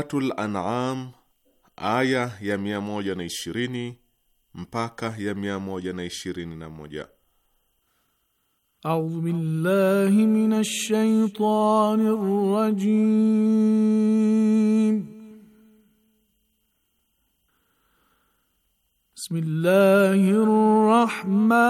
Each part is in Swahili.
Suratul An'am aya ya na ishirini mpaka ya 121. A'udhu billahi minash shaitanir rajim. Bismillahir rahmanir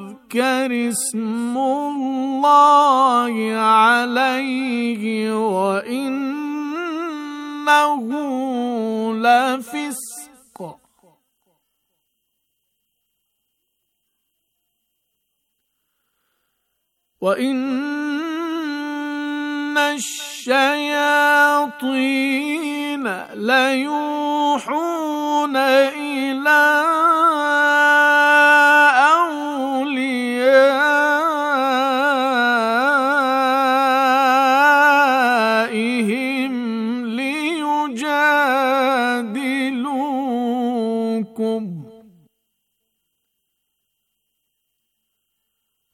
يذكر اسم الله عليه وإنه لفسق وإن إن الشياطين ليوحون إلى أوليائهم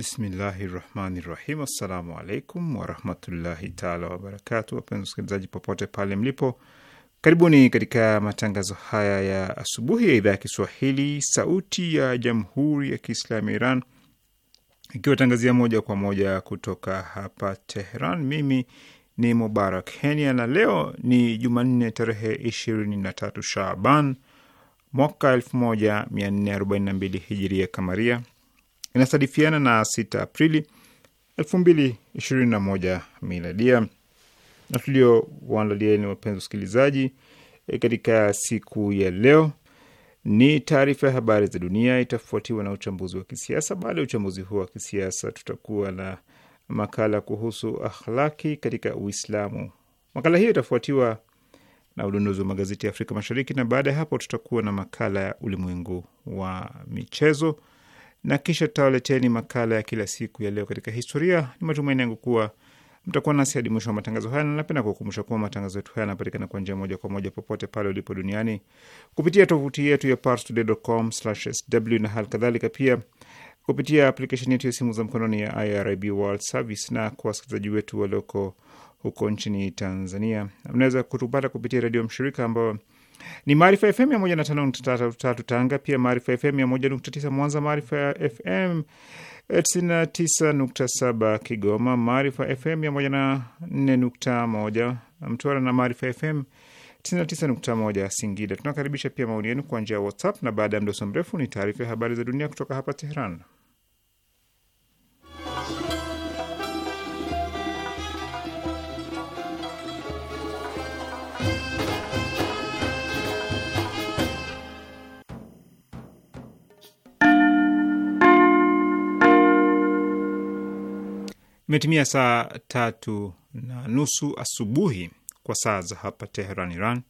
Bismillahi rahmani rahim. Assalamu alaikum warahmatullahi taala wabarakatu. Wapenzi wasikilizaji, popote pale mlipo, karibuni katika matangazo haya ya asubuhi ya idhaa ya Kiswahili sauti ya jamhuri ya Kiislamu ya Iran ikiwatangazia moja kwa moja kutoka hapa Teheran. Mimi ni Mubarak Henia na leo ni Jumanne tarehe 23 Shaban mwaka elfu hijiria kamaria inasadifiana na 6 Aprili 2021 miladia. Na tuliowaandalia ni wapenzi wasikilizaji, eh, katika siku ya leo ni taarifa ya habari za dunia, itafuatiwa na uchambuzi wa kisiasa. Baada ya uchambuzi huo wa kisiasa, tutakuwa na makala kuhusu akhlaki katika Uislamu. Makala hiyo itafuatiwa na udondozi wa magazeti ya Afrika Mashariki, na baada ya hapo tutakuwa na makala ya ulimwengu wa michezo na kisha tutawaleteni makala ya kila siku ya leo katika historia. Ni matumaini yangu kuwa mtakuwa nasi hadi mwisho wa matangazo haya, na napenda kukumbusha kuwa matangazo yetu haya yanapatikana kwa njia moja kwa moja popote pale ulipo duniani kupitia tovuti yetu ya parstoday.com/sw na hali kadhalika pia kupitia aplikesheni yetu ya simu za mkononi ya IRIB World Service, na kwa wasikilizaji wetu walioko huko nchini Tanzania, mnaweza kutupata kupitia redio mshirika ambayo ni Maarifa FM 105.3 Tanga, pia Maarifa FM 19 Mwanza, Maarifa ya FM 99.7 Kigoma, Maarifa FM 104.1 Mtwara na Maarifa FM 99.1 Singida. Tunakaribisha pia maoni yenu kwa njia ya WhatsApp na baada ya mdoso mrefu ni taarifa ya habari za dunia kutoka hapa teheran Imetimia saa tatu na nusu asubuhi kwa saa za hapa Teheran, Iran,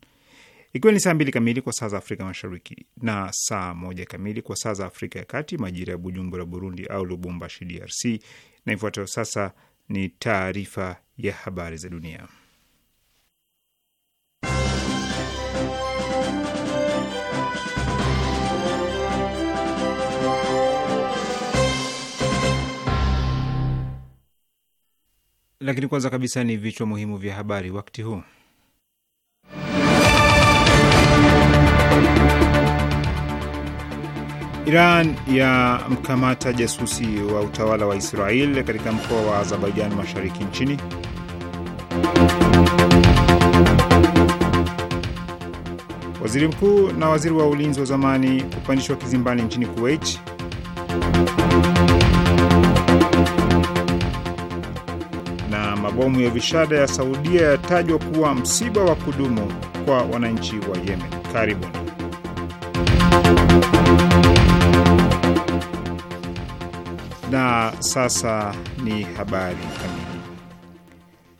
ikiwa ni saa mbili kamili kwa saa za Afrika Mashariki na saa moja kamili kwa saa za Afrika ya Kati, majira ya Bujumbura, Burundi, au Lubumbashi, DRC. Na ifuatayo sasa ni taarifa ya habari za dunia. lakini kwanza kabisa ni vichwa muhimu vya habari wakati huu. Iran ya mkamata jasusi wa utawala wa Israel katika mkoa wa Azerbaijan mashariki nchini. Waziri mkuu na waziri wa ulinzi wa zamani kupandishwa kizimbani nchini Kuwait. awamu ya vishada ya Saudia yatajwa kuwa msiba wa kudumu kwa wananchi wa Yemen. Karibuni. Na sasa ni habari kamili.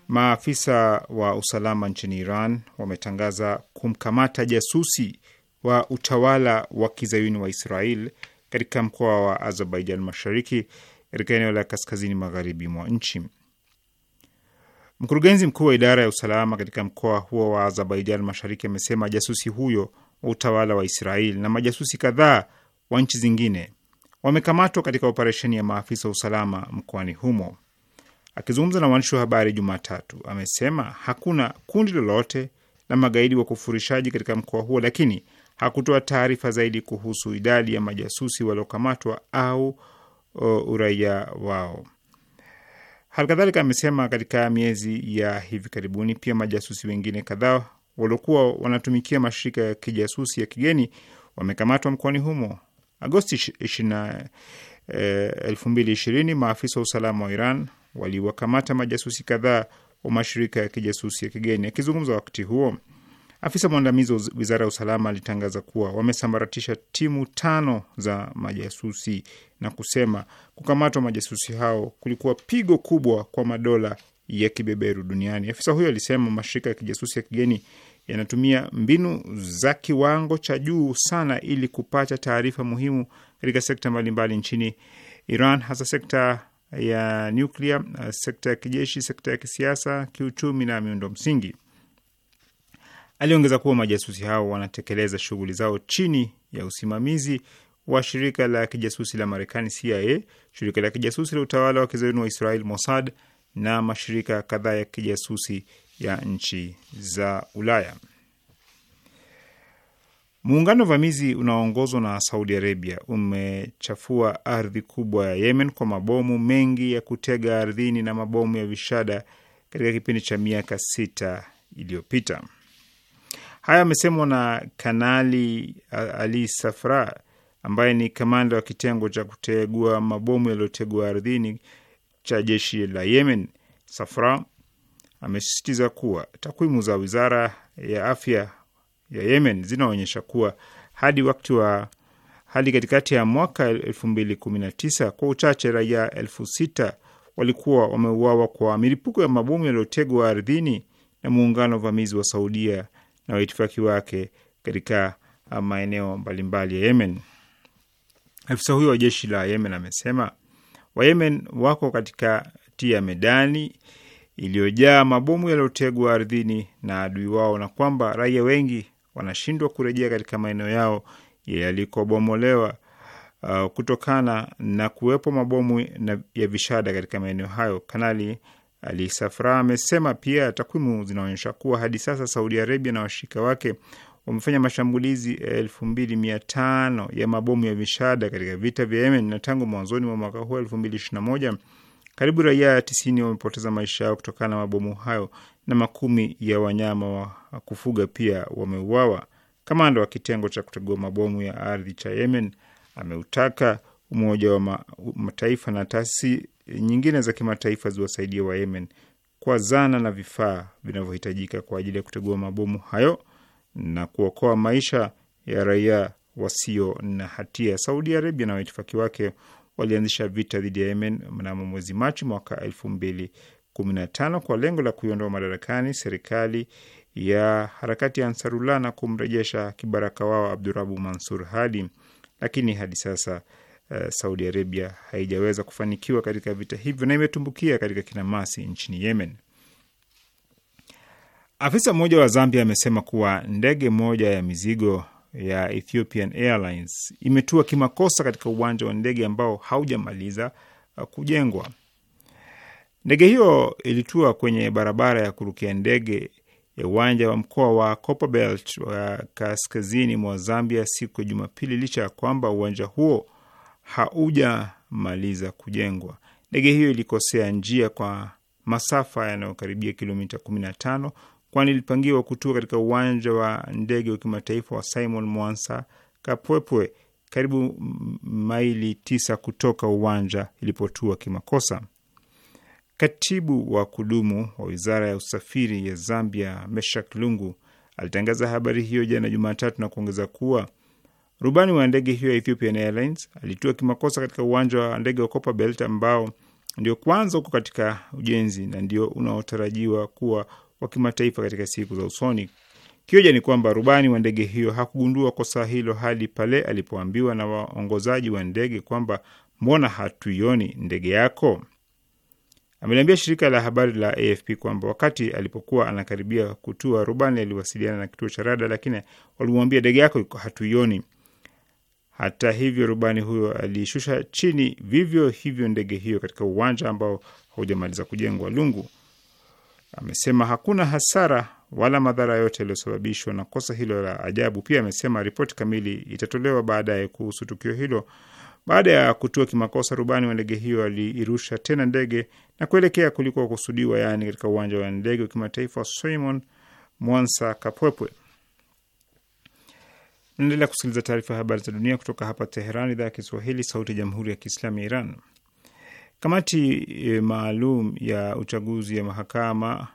Maafisa wa usalama nchini Iran wametangaza kumkamata jasusi wa utawala wa kizayuni wa Israel katika mkoa wa Azerbaijan Mashariki, katika eneo la kaskazini magharibi mwa nchi. Mkurugenzi mkuu wa idara ya usalama katika mkoa huo wa Azerbaijan Mashariki amesema jasusi huyo wa utawala wa Israel na majasusi kadhaa wa nchi zingine wamekamatwa katika operesheni ya maafisa wa usalama mkoani humo. Akizungumza na waandishi wa habari Jumatatu, amesema hakuna kundi lolote la magaidi wa kufurishaji katika mkoa huo, lakini hakutoa taarifa zaidi kuhusu idadi ya majasusi waliokamatwa au uh, uraia wao. Halikadhalika amesema katika miezi ya hivi karibuni pia majasusi wengine kadhaa waliokuwa wanatumikia mashirika ya kijasusi ya kigeni wamekamatwa mkoani humo. Agosti 20, eh, 2020 maafisa wa usalama wa Iran waliwakamata majasusi kadhaa wa mashirika ya kijasusi ya kigeni. Akizungumza wakati huo, Afisa mwandamizi wa wizara ya usalama alitangaza kuwa wamesambaratisha timu tano za majasusi na kusema kukamatwa majasusi hao kulikuwa pigo kubwa kwa madola ya kibeberu duniani. Afisa huyo alisema mashirika ya kijasusi ya kigeni yanatumia mbinu za kiwango cha juu sana ili kupata taarifa muhimu katika sekta mbalimbali nchini Iran, hasa sekta ya nuklia, sekta ya kijeshi, sekta ya kisiasa, kiuchumi na miundo msingi. Aliongeza kuwa majasusi hao wanatekeleza shughuli zao chini ya usimamizi wa shirika la kijasusi la Marekani CIA, shirika la kijasusi la utawala wa kizayuni wa Israel Mossad na mashirika kadhaa ya kijasusi ya nchi za Ulaya. Muungano vamizi unaoongozwa na Saudi Arabia umechafua ardhi kubwa ya Yemen kwa mabomu mengi ya kutega ardhini na mabomu ya vishada katika kipindi cha miaka sita iliyopita. Haya amesemwa na Kanali uh, Ali Safra ambaye ni kamanda wa kitengo cha kutegua mabomu yaliyotegwa ardhini cha jeshi la Yemen. Safra amesisitiza kuwa takwimu za wizara ya afya ya Yemen zinaonyesha kuwa hadi wakati wa hadi katikati ya mwaka 2019 kwa uchache raia elfu sita walikuwa wameuawa kwa milipuko ya mabomu yaliyotegwa ardhini na muungano wa vamizi wa Saudia na waitifaki wake katika ah, maeneo mbalimbali ya Yemen. Afisa huyo wa jeshi la Yemen amesema Wayemen wako katikati ya medani iliyojaa mabomu yaliyotegwa ardhini na adui wao na kwamba raia wengi wanashindwa kurejea katika maeneo yao yalikobomolewa uh, kutokana na kuwepo mabomu na ya vishada katika maeneo hayo. Kanali ali Safra amesema pia takwimu zinaonyesha kuwa hadi sasa Saudi Arabia na washirika wake wamefanya mashambulizi elfu mbili mia tano ya mabomu ya vishada katika vita vya Yemen, na tangu mwanzoni mwa mwaka huu elfu mbili ishirini na moja karibu raia tisini wamepoteza maisha yao kutokana na mabomu hayo na makumi ya wanyama wa kufuga pia wameuawa. Kamanda wa kitengo cha kutegua mabomu ya ardhi cha Yemen ameutaka Umoja wa Mataifa na taasisi nyingine za kimataifa ziwasaidie wa Yemen kwa zana na vifaa vinavyohitajika kwa ajili ya kutegua mabomu hayo na kuokoa maisha ya raia wasio na hatia. Saudi Arabia na waitifaki wake walianzisha vita dhidi ya Yemen mnamo mwezi Machi mwaka elfu mbili kumi na tano kwa lengo la kuiondoa madarakani serikali ya harakati ya Ansarullah na kumrejesha kibaraka wao Abdurabu Mansur Hadi, lakini hadi sasa Eh, Saudi Arabia haijaweza kufanikiwa katika vita hivyo na imetumbukia katika kinamasi nchini Yemen. Afisa mmoja wa Zambia amesema kuwa ndege moja ya mizigo ya Ethiopian Airlines imetua kimakosa katika uwanja wa ndege ambao haujamaliza eh, kujengwa. Ndege hiyo ilitua kwenye barabara ya kurukia ndege ya uwanja wa mkoa wa Copperbelt wa eh, kaskazini mwa Zambia siku ya Jumapili, licha ya kwamba uwanja huo haujamaliza kujengwa. Ndege hiyo ilikosea njia kwa masafa yanayokaribia kilomita 15 kwani ilipangiwa kutua katika uwanja wa ndege wa kimataifa wa Simon Mwansa Kapwepwe, karibu maili tisa kutoka uwanja ilipotua kimakosa. Katibu wa kudumu wa wizara ya usafiri ya Zambia, Meshak Lungu, alitangaza habari hiyo jana Jumatatu na kuongeza kuwa Rubani wa ndege hiyo ya Ethiopian Airlines alitua kimakosa katika uwanja wa ndege wa Copperbelt ambao ndio kwanza huko katika ujenzi na ndio unaotarajiwa kuwa wa kimataifa katika siku za usoni. Kioja ni kwamba rubani wa ndege hiyo hakugundua kosa hilo hadi pale alipoambiwa na waongozaji wa ndege kwamba mbona hatuioni ndege yako? Ameliambia shirika la habari la AFP kwamba wakati alipokuwa anakaribia kutua, rubani aliwasiliana na kituo cha rada, lakini walimwambia ndege yako hatuioni. Hata hivyo, rubani huyo aliishusha chini vivyo hivyo ndege hiyo katika uwanja ambao haujamaliza kujengwa. Lungu amesema hakuna hasara wala madhara yote yaliyosababishwa na kosa hilo la ajabu. Pia amesema ripoti kamili itatolewa baadaye kuhusu tukio hilo. Baada ya kutua kimakosa, rubani wa ndege hiyo aliirusha tena ndege na kuelekea kulikuwa kusudiwa, yaani katika uwanja wa ndege wa kimataifa Simon Mwansa Kapwepwe. Naendelea kusikiliza taarifa ya habari za dunia kutoka hapa Teheran, idhaa ya Kiswahili, sauti ya jamhuri ya kiislamu ya Iran. Kamati e, maalum ya uchaguzi ya mahakama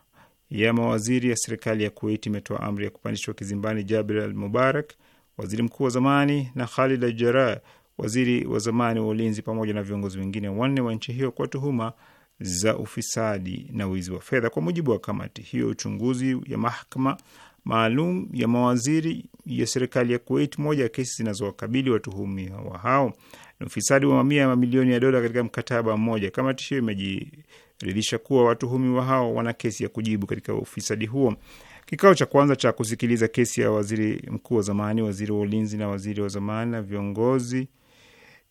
ya mawaziri ya serikali ya Kuwait imetoa amri ya kupandishwa kizimbani Jabir Al Mubarak, waziri mkuu wa zamani, na Khalid Al Jara, waziri wa zamani wa ulinzi, pamoja na viongozi wengine wanne wa nchi hiyo kwa tuhuma za ufisadi na wizi wa fedha. Kwa mujibu wa kamati hiyo, uchunguzi ya mahakama maalum ya mawaziri ya serikali ya Kuwait. Moja ya kesi zinazowakabili watuhumiwa hao ni ufisadi wa mamia ya mamilioni ya dola katika mkataba mmoja. Kama tishio imejiridhisha kuwa watuhumiwa hao wana kesi ya kujibu katika ufisadi huo. Kikao cha kwanza cha kusikiliza kesi ya waziri mkuu wa zamani, waziri wa ulinzi na waziri wa zamani na viongozi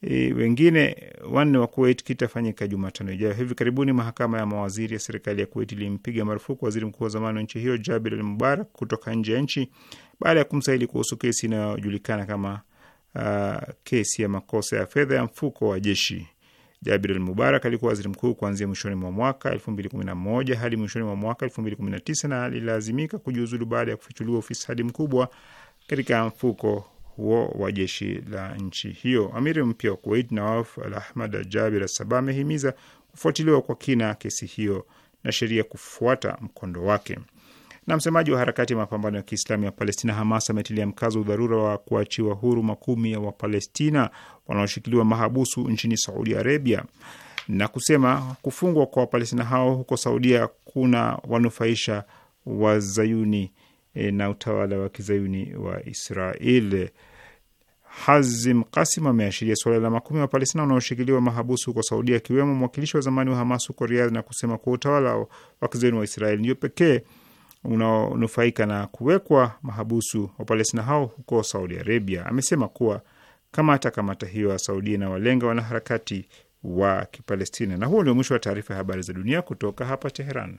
e, wengine wanne wa Kuwait kitafanyika Jumatano ijayo. Hivi karibuni mahakama ya mawaziri ya serikali ya Kuwait ilimpiga marufuku waziri mkuu wa zamani wa nchi hiyo Jabir Al Mubarak kutoka nje ya nchi baada ya kumsaili kuhusu kesi inayojulikana kama uh, kesi ya makosa ya fedha ya mfuko wa jeshi. Jabir Al Mubarak alikuwa waziri mkuu kuanzia mwishoni mwa mwaka 2011 hadi mwishoni mwa mwaka 2019 na alilazimika kujiuzulu baada ya kufichuliwa ufisadi mkubwa katika mfuko huo wa jeshi la nchi hiyo. Amiri mpya wa Kuwait Nawaf Al Ahmad Jabir Assaba amehimiza kufuatiliwa kwa kina kesi hiyo na sheria kufuata mkondo wake. Na msemaji wa harakati ya mapambano ya Kiislamu ya Palestina Hamas ametilia mkazo udharura wa kuachiwa huru makumi ya Wapalestina wanaoshikiliwa mahabusu nchini Saudi Arabia na kusema kufungwa kwa Wapalestina hao huko Saudia kuna wanufaisha wazayuni E, na utawala wa kizayuni wa Israel. Hazim Kasim ameashiria suala la makumi wa Palestina wanaoshikiliwa mahabusu huko Saudia, akiwemo mwakilishi wa zamani wa Hamas huko Riyadh, na kusema kuwa utawala wa kizayuni wa Israel ndio pekee unaonufaika na kuwekwa mahabusu wa Palestina hao huko Saudi Arabia. Amesema kuwa kamata kamata hiyo ya Saudia inawalenga wanaharakati wa Kipalestina. Na huo ndio mwisho wa taarifa ya habari za dunia kutoka hapa Teheran.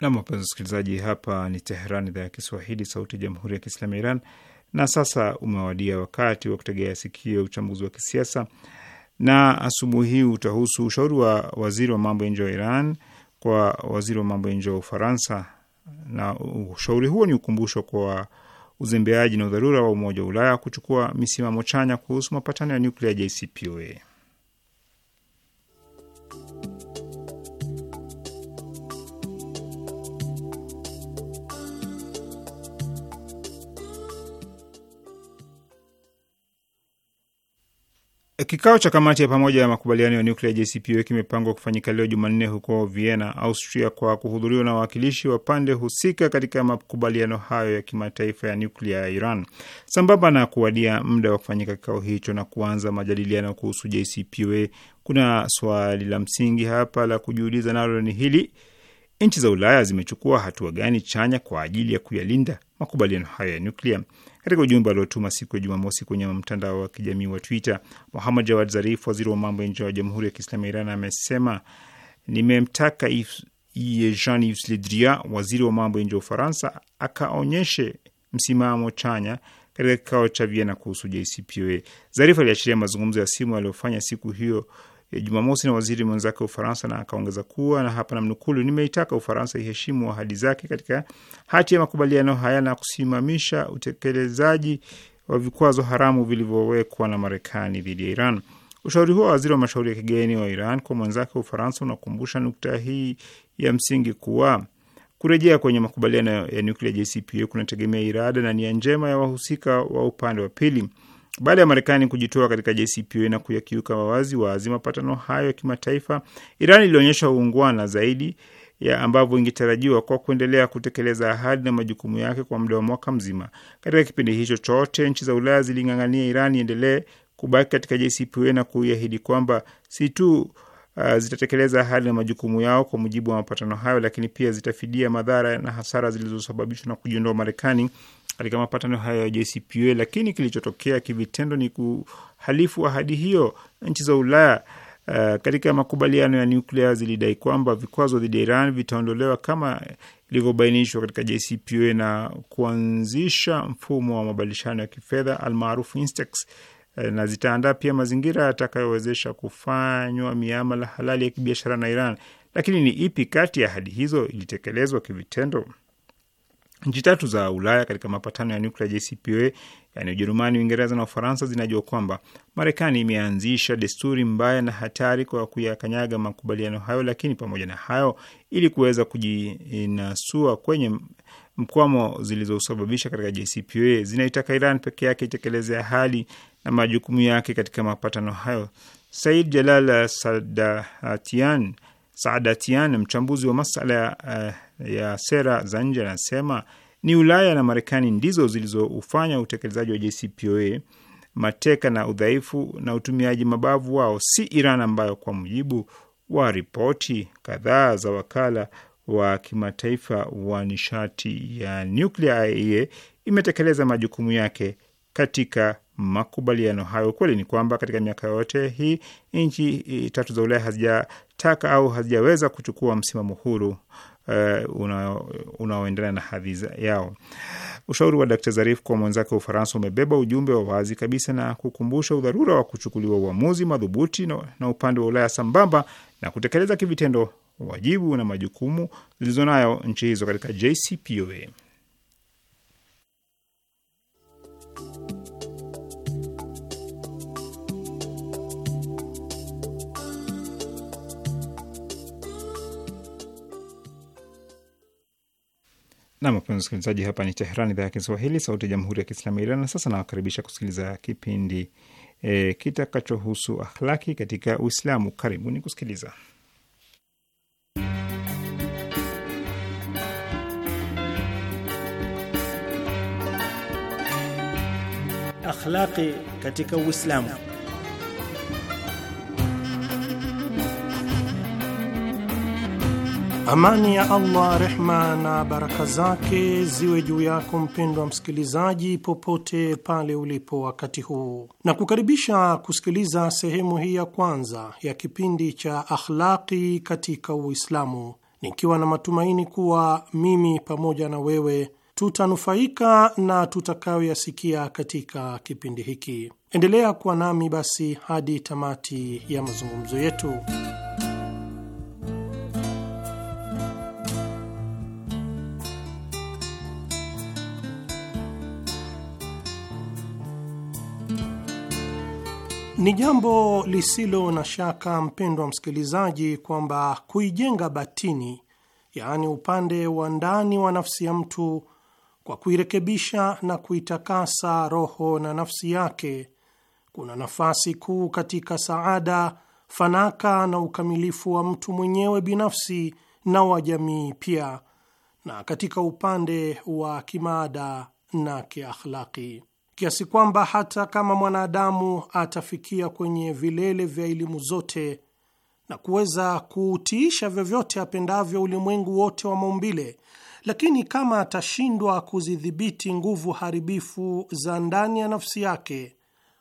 Nam, wapenzi wasikilizaji, hapa ni Teheran, idhaa ya Kiswahili, sauti ya jamhuri ya kiislamu ya Iran. Na sasa umewadia wakati wa kutegea sikio uchambuzi wa kisiasa, na asubuhi hii utahusu ushauri wa waziri wa mambo ya nje wa Iran kwa waziri wa mambo ya nje wa Ufaransa, na ushauri huo ni ukumbusho kwa uzembeaji na udharura wa Umoja wa Ulaya kuchukua misimamo chanya kuhusu mapatano ya nyuklia JCPOA. Kikao cha kamati ya pamoja ya makubaliano ya nuklia JCPOA kimepangwa kufanyika leo Jumanne huko Vienna, Austria, kwa kuhudhuriwa na wawakilishi wa pande husika katika makubaliano hayo ya kimataifa ya nuklia ya Iran, sambamba na kuwadia muda wa kufanyika kikao hicho na kuanza majadiliano kuhusu JCPOA. Kuna swali la msingi hapa la kujiuliza, nalo ni hili: Nchi za Ulaya zimechukua hatua gani chanya kwa ajili ya kuyalinda makubaliano hayo ya nuklia? Katika ujumbe aliotuma siku ya Jumamosi kwenye mtandao wa kijamii wa Twitter, Muhammad Jawad Zarif, waziri wa mambo ya nje wa Jamhuri ya Kiislamu ya Iran, amesema nimemtaka Jean Yves Le Drian, waziri wa mambo ya nje wa Ufaransa, akaonyeshe msimamo chanya katika kikao cha Viena kuhusu JCPOA. Zarif aliashiria mazungumzo ya simu aliyofanya siku hiyo Jumamosi na waziri mwenzake wa Ufaransa, na akaongeza kuwa na hapa namnukulu, nimeitaka Ufaransa iheshimu ahadi zake katika hati ya makubaliano haya na kusimamisha utekelezaji wa vikwazo haramu vilivyowekwa na Marekani dhidi ya Iran. Ushauri huo wa waziri wa mashauri ya kigeni wa Iran kwa mwenzake wa Ufaransa unakumbusha nukta hii ya msingi kuwa kurejea kwenye makubaliano ya nuklia JCPOA kunategemea irada na nia njema ya wahusika wa upande wa pili. Baada ya Marekani kujitoa katika JCPOA na kuyakiuka wawazi wazi mapatano hayo ya kimataifa, Iran ilionyesha uungwana zaidi ya ambavyo ingetarajiwa kwa kuendelea kutekeleza ahadi na majukumu yake kwa muda wa mwaka mzima. Katika kipindi hicho chote, nchi za Ulaya ziling'ang'ania Iran iendelee kubaki katika JCPOA na kuiahidi kwamba si tu uh, zitatekeleza ahadi na majukumu yao kwa mujibu wa mapatano hayo, lakini pia zitafidia madhara na hasara zilizosababishwa na kujiondoa Marekani katika mapatano hayo ya JCPOA, lakini kilichotokea kivitendo ni kuhalifu ahadi hiyo. Nchi za Ulaya uh, katika makubaliano ya nuklia zilidai kwamba vikwazo dhidi ya Iran vitaondolewa kama ilivyobainishwa katika JCPOA na kuanzisha mfumo wa mabadilishano ya kifedha almaarufu Instex eh, na zitaandaa pia mazingira yatakayowezesha kufanywa miamala halali ya kibiashara na Iran. Lakini ni ipi kati ya ahadi hizo ilitekelezwa kivitendo? Nchi tatu za Ulaya katika mapatano ya nuklia JCPOA, yaani Ujerumani, Uingereza na Ufaransa, zinajua kwamba Marekani imeanzisha desturi mbaya na hatari kwa kuyakanyaga makubaliano hayo, lakini pamoja na hayo, ili kuweza kujinasua kwenye mkwamo zilizosababisha katika JCPOA, zinaitaka Iran peke yake itekeleze ahadi na majukumu yake katika mapatano hayo. Said Jalal Sadatian Saadatian, mchambuzi wa masala eh, ya sera za nje, anasema ni Ulaya na Marekani ndizo zilizoufanya utekelezaji wa JCPOA mateka na udhaifu na utumiaji mabavu wao, si Iran ambayo kwa mujibu wa ripoti kadhaa za wakala wa kimataifa wa nishati ya nyuklia IAEA imetekeleza majukumu yake katika makubaliano hayo. Ukweli ni kwamba katika miaka yote hii nchi e, tatu za Ulaya hazijataka au hazijaweza kuchukua msimamo huru uh, unaoendana na hadhi yao. Ushauri wa Dkt. Zarif kwa mwenzake wa Ufaransa umebeba ujumbe wa wazi kabisa na kukumbusha udharura wa kuchukuliwa uamuzi madhubuti na, na upande wa Ulaya sambamba na kutekeleza kivitendo wajibu na majukumu zilizonayo nchi hizo katika JCPOA. Nam, wapenzi msikilizaji, hapa ni Teheran, idhaa ya Kiswahili, sauti ya jamhuri ya kiislamu ya Iran. Na sasa nawakaribisha kusikiliza kipindi e, kitakachohusu akhlaki katika Uislamu. Karibuni kusikiliza. akhlaqi katika Uislamu. Amani ya Allah, rehma na baraka zake ziwe juu yako mpendwa msikilizaji, popote pale ulipo wakati huu, na kukaribisha kusikiliza sehemu hii ya kwanza ya kipindi cha Akhlaqi katika Uislamu, nikiwa na matumaini kuwa mimi pamoja na wewe tutanufaika na tutakayoyasikia katika kipindi hiki. Endelea kuwa nami basi hadi tamati ya mazungumzo yetu. Ni jambo lisilo na shaka, mpendwa msikilizaji, kwamba kuijenga batini, yaani upande wa ndani wa nafsi ya mtu kwa kuirekebisha na kuitakasa roho na nafsi yake kuna nafasi kuu katika saada, fanaka na ukamilifu wa mtu mwenyewe binafsi na wa jamii pia, na katika upande wa kimaada na kiakhlaki, kiasi kwamba hata kama mwanadamu atafikia kwenye vilele vya elimu zote na kuweza kuutiisha vyovyote apendavyo ulimwengu wote wa maumbile lakini kama atashindwa kuzidhibiti nguvu haribifu za ndani ya nafsi yake,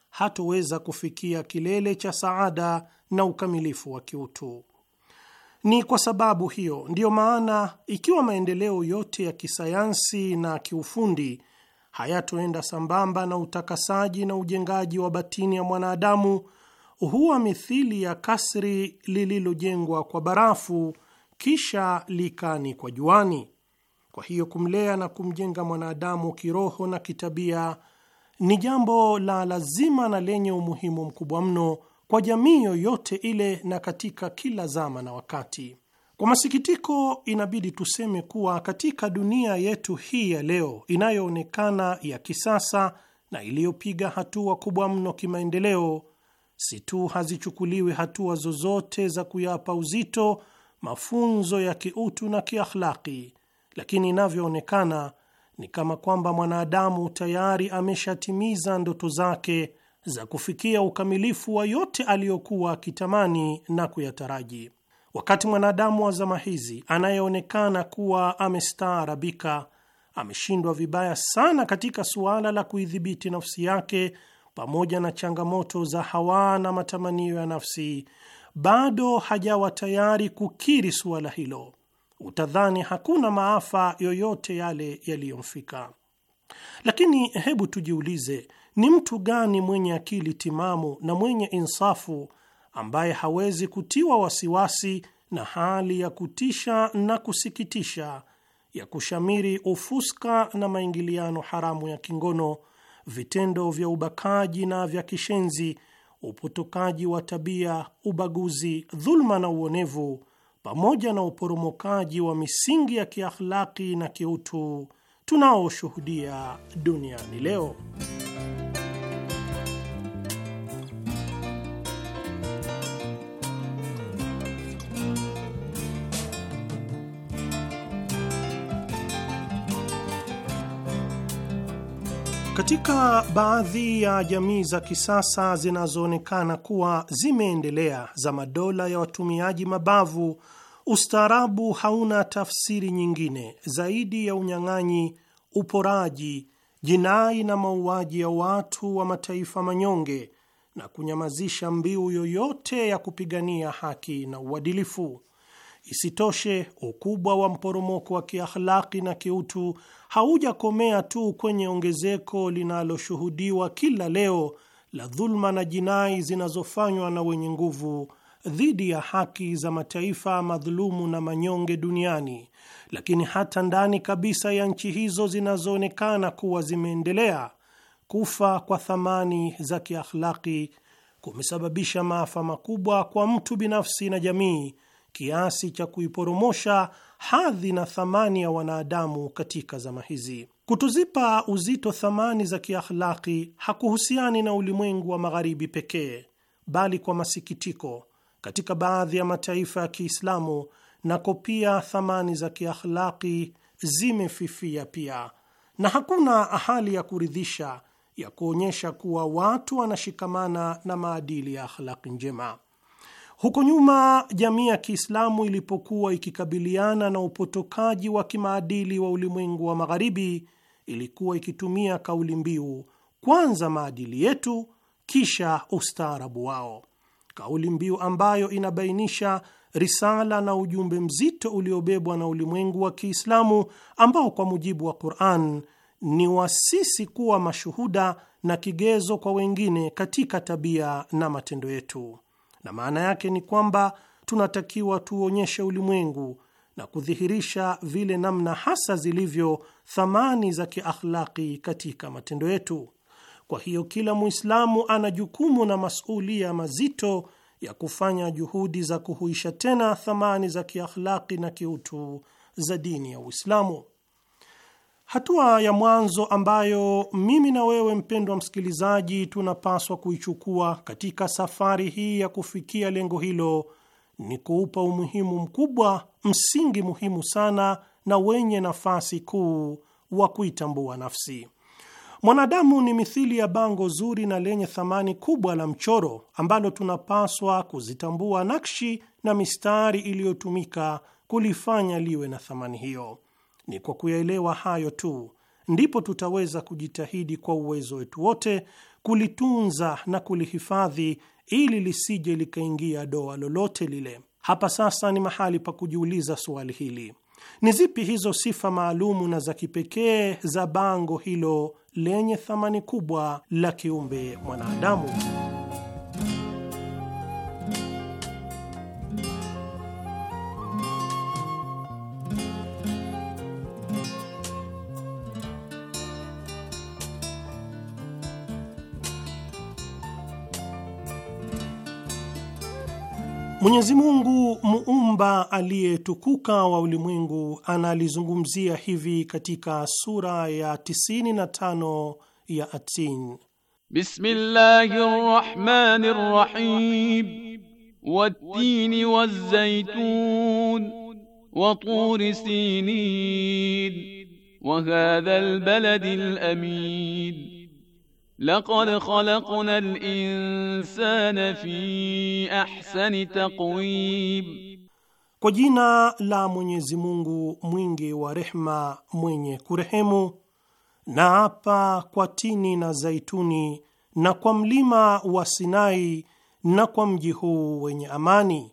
hatoweza kufikia kilele cha saada na ukamilifu wa kiutu. Ni kwa sababu hiyo ndiyo maana ikiwa maendeleo yote ya kisayansi na kiufundi hayatoenda sambamba na utakasaji na ujengaji wa batini ya mwanadamu, huwa mithili ya kasri lililojengwa kwa barafu kisha likani kwa juani. Kwa hiyo kumlea na kumjenga mwanadamu kiroho na kitabia ni jambo la lazima na lenye umuhimu mkubwa mno kwa jamii yoyote ile na katika kila zama na wakati. Kwa masikitiko, inabidi tuseme kuwa katika dunia yetu hii ya leo inayoonekana ya kisasa na iliyopiga hatua kubwa mno kimaendeleo, si tu hazichukuliwi hatua zozote za kuyapa uzito mafunzo ya kiutu na kiakhlaki, lakini inavyoonekana ni kama kwamba mwanadamu tayari ameshatimiza ndoto zake za kufikia ukamilifu wa yote aliyokuwa akitamani na kuyataraji. Wakati mwanadamu wa zama hizi anayeonekana kuwa amestaarabika, ameshindwa vibaya sana katika suala la kuidhibiti nafsi yake pamoja na changamoto za hawa na matamanio ya nafsi, bado hajawa tayari kukiri suala hilo utadhani hakuna maafa yoyote yale yaliyomfika. Lakini hebu tujiulize, ni mtu gani mwenye akili timamu na mwenye insafu ambaye hawezi kutiwa wasiwasi na hali ya kutisha na kusikitisha ya kushamiri ufuska na maingiliano haramu ya kingono, vitendo vya ubakaji na vya kishenzi, upotokaji wa tabia, ubaguzi, dhuluma na uonevu pamoja na uporomokaji wa misingi ya kiakhlaki na kiutu tunaoshuhudia duniani leo. Katika baadhi ya jamii za kisasa zinazoonekana kuwa zimeendelea za madola ya watumiaji mabavu Ustaarabu hauna tafsiri nyingine zaidi ya unyang'anyi, uporaji, jinai na mauaji ya watu wa mataifa manyonge na kunyamazisha mbiu yoyote ya kupigania haki na uadilifu. Isitoshe, ukubwa wa mporomoko wa kiakhlaki na kiutu haujakomea tu kwenye ongezeko linaloshuhudiwa kila leo la dhuluma na jinai zinazofanywa na wenye nguvu dhidi ya haki za mataifa madhulumu na manyonge duniani, lakini hata ndani kabisa ya nchi hizo zinazoonekana kuwa zimeendelea, kufa kwa thamani za kiakhlaki kumesababisha maafa makubwa kwa mtu binafsi na jamii, kiasi cha kuiporomosha hadhi na thamani ya wanadamu katika zama hizi. Kutuzipa uzito thamani za kiakhlaki hakuhusiani na ulimwengu wa Magharibi pekee, bali kwa masikitiko katika baadhi ya mataifa ya Kiislamu nako pia thamani za kiakhlaki zimefifia pia, na hakuna hali ya kuridhisha ya kuonyesha kuwa watu wanashikamana na maadili ya akhlaki njema. Huko nyuma, jamii ya Kiislamu ilipokuwa ikikabiliana na upotokaji wa kimaadili wa ulimwengu wa Magharibi, ilikuwa ikitumia kauli mbiu, kwanza maadili yetu, kisha ustaarabu wao kauli mbiu ambayo inabainisha risala na ujumbe mzito uliobebwa na ulimwengu wa Kiislamu ambao kwa mujibu wa Quran ni wasisi kuwa mashuhuda na kigezo kwa wengine katika tabia na matendo yetu, na maana yake ni kwamba tunatakiwa tuonyeshe ulimwengu na kudhihirisha vile namna hasa zilivyo thamani za kiakhlaki katika matendo yetu. Kwa hiyo kila Muislamu ana jukumu na masulia mazito ya kufanya juhudi za kuhuisha tena thamani za kiakhlaki na kiutu za dini ya Uislamu. Hatua ya mwanzo ambayo mimi na wewe mpendwa msikilizaji, tunapaswa kuichukua katika safari hii ya kufikia lengo hilo ni kuupa umuhimu mkubwa msingi muhimu sana na wenye nafasi kuu wa kuitambua nafsi. Mwanadamu ni mithili ya bango zuri na lenye thamani kubwa la mchoro ambalo tunapaswa kuzitambua nakshi na mistari iliyotumika kulifanya liwe na thamani hiyo. Ni kwa kuyaelewa hayo tu ndipo tutaweza kujitahidi kwa uwezo wetu wote kulitunza na kulihifadhi ili lisije likaingia doa lolote lile. Hapa sasa ni mahali pa kujiuliza suali hili: ni zipi hizo sifa maalumu na za kipekee za bango hilo lenye thamani kubwa la kiumbe mwanadamu? Mwenyezi Mungu muumba aliyetukuka wa ulimwengu analizungumzia hivi katika sura ya 95 ya Atin: Bismillahir Rahmanir Rahim wat-tini wa turi sinin wa hadha al-baladi al Laqad khalaqna al-insana fi ahsani taqwim, kwa jina la Mwenyezi Mungu mwingi wa rehma mwenye kurehemu. Na apa kwa tini na zaituni na kwa mlima wa Sinai na kwa mji huu wenye amani,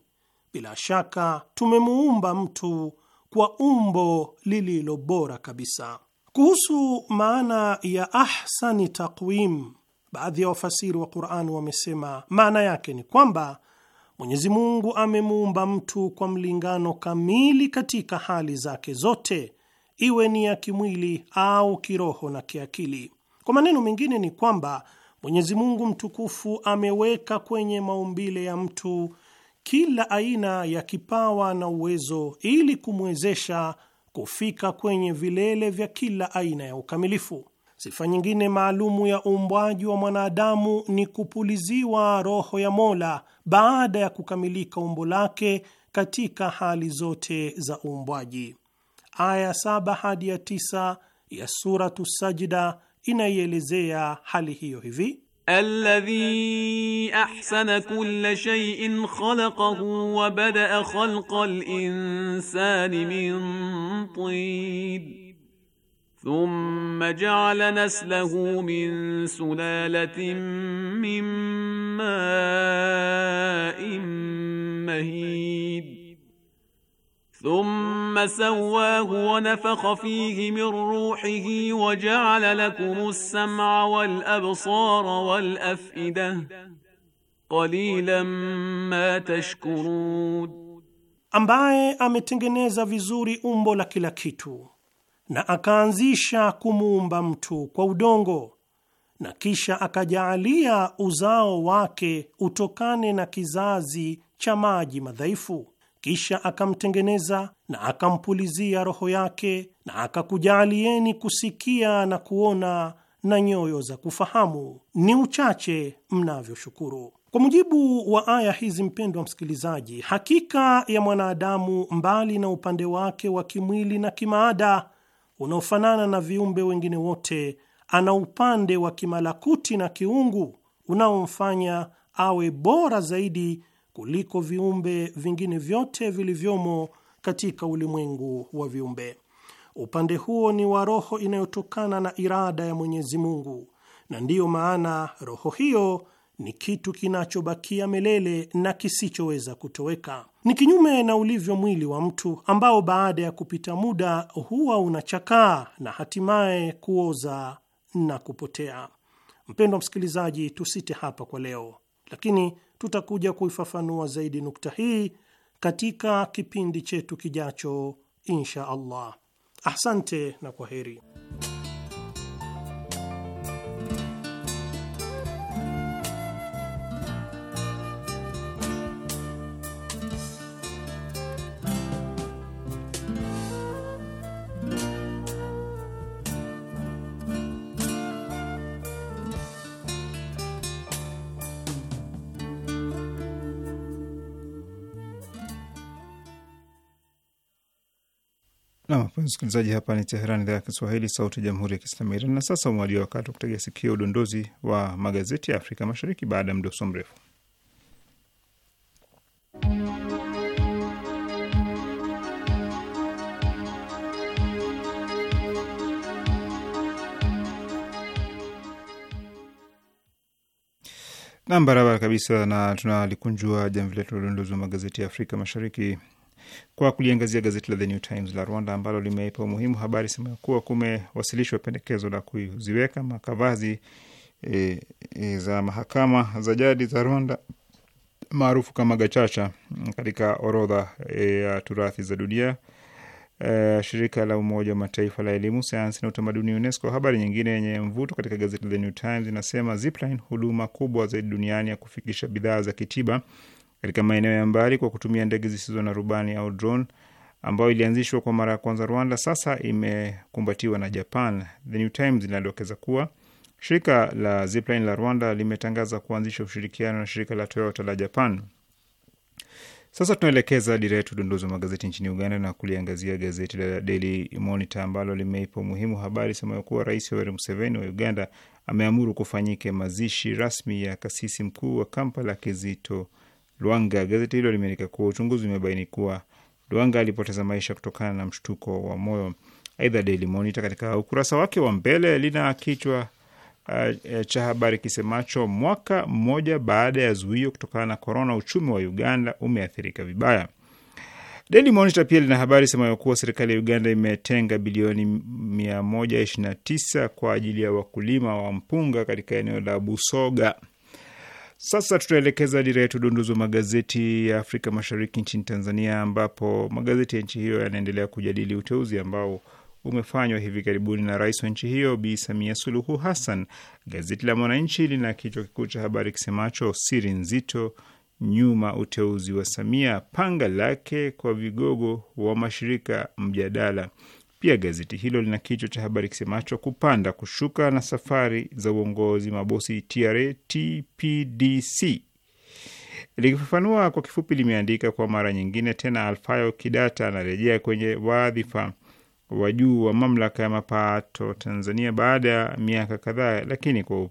bila shaka tumemuumba mtu kwa umbo lililo bora kabisa. Kuhusu maana ya ahsani taqwim, baadhi ya wafasiri wa Qur'an wamesema maana yake ni kwamba Mwenyezi Mungu amemuumba mtu kwa mlingano kamili katika hali zake zote, iwe ni ya kimwili au kiroho na kiakili. Kwa maneno mengine ni kwamba Mwenyezi Mungu mtukufu ameweka kwenye maumbile ya mtu kila aina ya kipawa na uwezo ili kumwezesha kufika kwenye vilele vya kila aina ya ukamilifu. Sifa nyingine maalumu ya uumbwaji wa mwanadamu ni kupuliziwa roho ya Mola baada ya kukamilika umbo lake katika hali zote za uumbwaji. Aya saba hadi ya tisa ya Suratu Sajida inaielezea hali hiyo hivi: الذي احسن كل شيء خلقه وبدا خلق الانسان من طين ثم جعل نسله من سلاله من ماء مهين thumma sawwahu wa nafakha fihi min ruhihi wa ja'ala lakum as-sam'a wal absara wal af'ida qalilan ma tashkurun, ambaye ametengeneza vizuri umbo la kila kitu na akaanzisha kumuumba mtu kwa udongo na kisha akajaalia uzao wake utokane na kizazi cha maji madhaifu kisha akamtengeneza na akampulizia roho yake na akakujaalieni kusikia na kuona na nyoyo za kufahamu, ni uchache mnavyoshukuru. Kwa mujibu wa aya hizi, mpendwa msikilizaji, hakika ya mwanadamu, mbali na upande wake wa kimwili na kimaada unaofanana na viumbe wengine wote, ana upande wa kimalakuti na kiungu unaomfanya awe bora zaidi kuliko viumbe vingine vyote vilivyomo katika ulimwengu wa viumbe. Upande huo ni wa roho inayotokana na irada ya Mwenyezi Mungu, na ndiyo maana roho hiyo ni kitu kinachobakia milele na kisichoweza kutoweka. Ni kinyume na ulivyo mwili wa mtu ambao baada ya kupita muda huwa unachakaa na hatimaye kuoza na kupotea. Mpendwa msikilizaji, tusite hapa kwa leo, lakini Tutakuja kuifafanua zaidi nukta hii katika kipindi chetu kijacho, insha Allah. Asante na kwa heri. Wapenzi msikilizaji, hapa ni Teheran, idhaa ya Kiswahili, sauti ya jamhuri ya kiislamu ya Iran. Na sasa umewadia wakati wa kutegea sikio udondozi wa magazeti ya Afrika Mashariki baada ya mdoso mrefu. Nam, barabara kabisa, na tunalikunjua jamvi letu la udondozi wa magazeti ya Afrika Mashariki kwa kuliangazia gazeti la The New Times la Rwanda ambalo limeipa umuhimu habari sema kuwa kumewasilishwa pendekezo la kuziweka makavazi e, e, za mahakama za jadi za Rwanda maarufu kama gachacha katika orodha e, ya e, turathi za dunia. e, shirika la Umoja wa Mataifa la elimu, sayansi na utamaduni UNESCO. Habari nyingine yenye mvuto katika gazeti la The New Times inasema Zipline, huduma kubwa zaidi duniani ya kufikisha bidhaa za kitiba katika maeneo ya mbali kwa kutumia ndege zisizo na rubani au drone, ambayo ilianzishwa kwa mara ya kwanza Rwanda, sasa imekumbatiwa na Japan. The New Times linadokeza kuwa shirika la Zipline la Rwanda limetangaza kuanzisha ushirikiano na shirika la Toyota la Japan. Sasa tunaelekeza dira yetu wa magazeti nchini Uganda na kuliangazia gazeti la Daily Monitor ambalo limeipa umuhimu habari sema kuwa Rais Yoweri Museveni wa Uganda ameamuru kufanyike mazishi rasmi ya kasisi mkuu wa Kampala Kizito Luanga. Gazeti hilo limeandika kuwa uchunguzi umebaini kuwa Luanga alipoteza maisha kutokana na mshtuko wa moyo. Aidha, Daily Monitor katika ukurasa wake wa mbele lina kichwa uh, cha habari kisemacho mwaka mmoja baada ya zuio kutokana na korona, uchumi wa Uganda umeathirika vibaya. Daily Monitor pia lina habari semayo kuwa serikali ya Uganda imetenga bilioni 129 kwa ajili ya wakulima wa mpunga katika eneo la Busoga sasa tunaelekeza dira yetu dunduzi wa magazeti ya Afrika Mashariki nchini Tanzania, ambapo magazeti ya nchi hiyo yanaendelea kujadili uteuzi ambao umefanywa hivi karibuni na rais wa nchi hiyo Bi Samia Suluhu Hassan. Gazeti la Mwananchi lina kichwa kikuu cha habari kisemacho siri nzito nyuma uteuzi wa Samia, panga lake kwa vigogo wa mashirika, mjadala pia gazeti hilo lina kichwa cha habari kisemacho kupanda kushuka na safari za uongozi mabosi TRA TPDC. Likifafanua kwa kifupi, limeandika kwa mara nyingine tena Alfayo Kidata anarejea kwenye wadhifa wa juu wa mamlaka ya mapato Tanzania baada ya miaka kadhaa, lakini kwa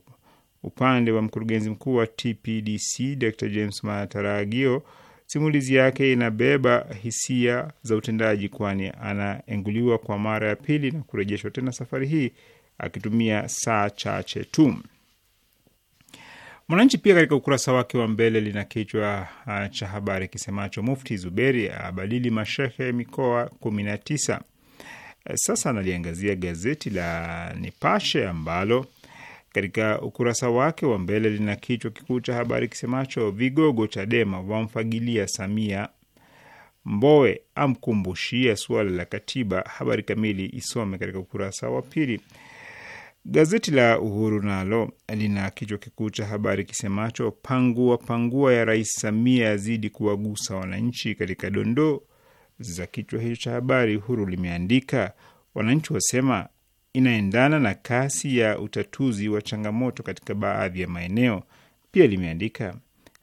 upande wa mkurugenzi mkuu wa TPDC Dr James Mataragio Simulizi yake inabeba hisia za utendaji, kwani anaenguliwa kwa mara ya pili na kurejeshwa tena, safari hii akitumia saa chache tu. Mwananchi pia katika ukurasa wake wa mbele lina kichwa ah, cha habari kisemacho Mufti Zuberi abadili mashehe mikoa kumi na tisa. Eh, sasa analiangazia gazeti la Nipashe ambalo katika ukurasa wake wa mbele lina kichwa kikuu cha habari kisemacho vigogo Chadema wamfagilia Samia, Mbowe amkumbushia suala la katiba. Habari kamili isome katika ukurasa wa pili. Gazeti la Uhuru nalo lina kichwa kikuu cha habari kisemacho pangua pangua ya Rais Samia yazidi kuwagusa wananchi. Katika dondoo za kichwa hicho cha habari, Uhuru limeandika wananchi wasema inaendana na kasi ya utatuzi wa changamoto katika baadhi ya maeneo. Pia limeandika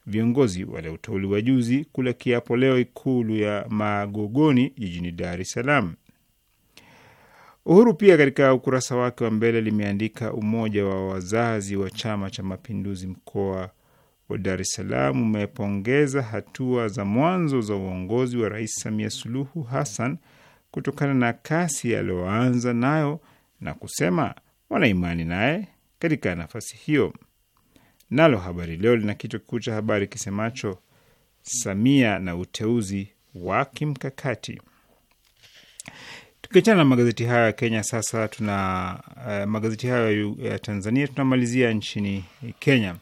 viongozi walioteuliwa juzi kula kiapo leo Ikulu ya Magogoni jijini Dar es Salaam. Uhuru pia katika ukurasa wake wa mbele limeandika umoja wa wazazi wa Chama cha Mapinduzi mkoa wa Dar es Salaam umepongeza hatua za mwanzo za uongozi wa Rais Samia Suluhu Hassan kutokana na kasi aliyoanza nayo na kusema wanaimani naye katika nafasi hiyo. Nalo Habari Leo lina kichwa kikuu cha habari kisemacho Samia na uteuzi wa kimkakati. Tukiachana na magazeti hayo ya Kenya, sasa tuna uh, magazeti hayo ya Tanzania tunamalizia nchini Kenya.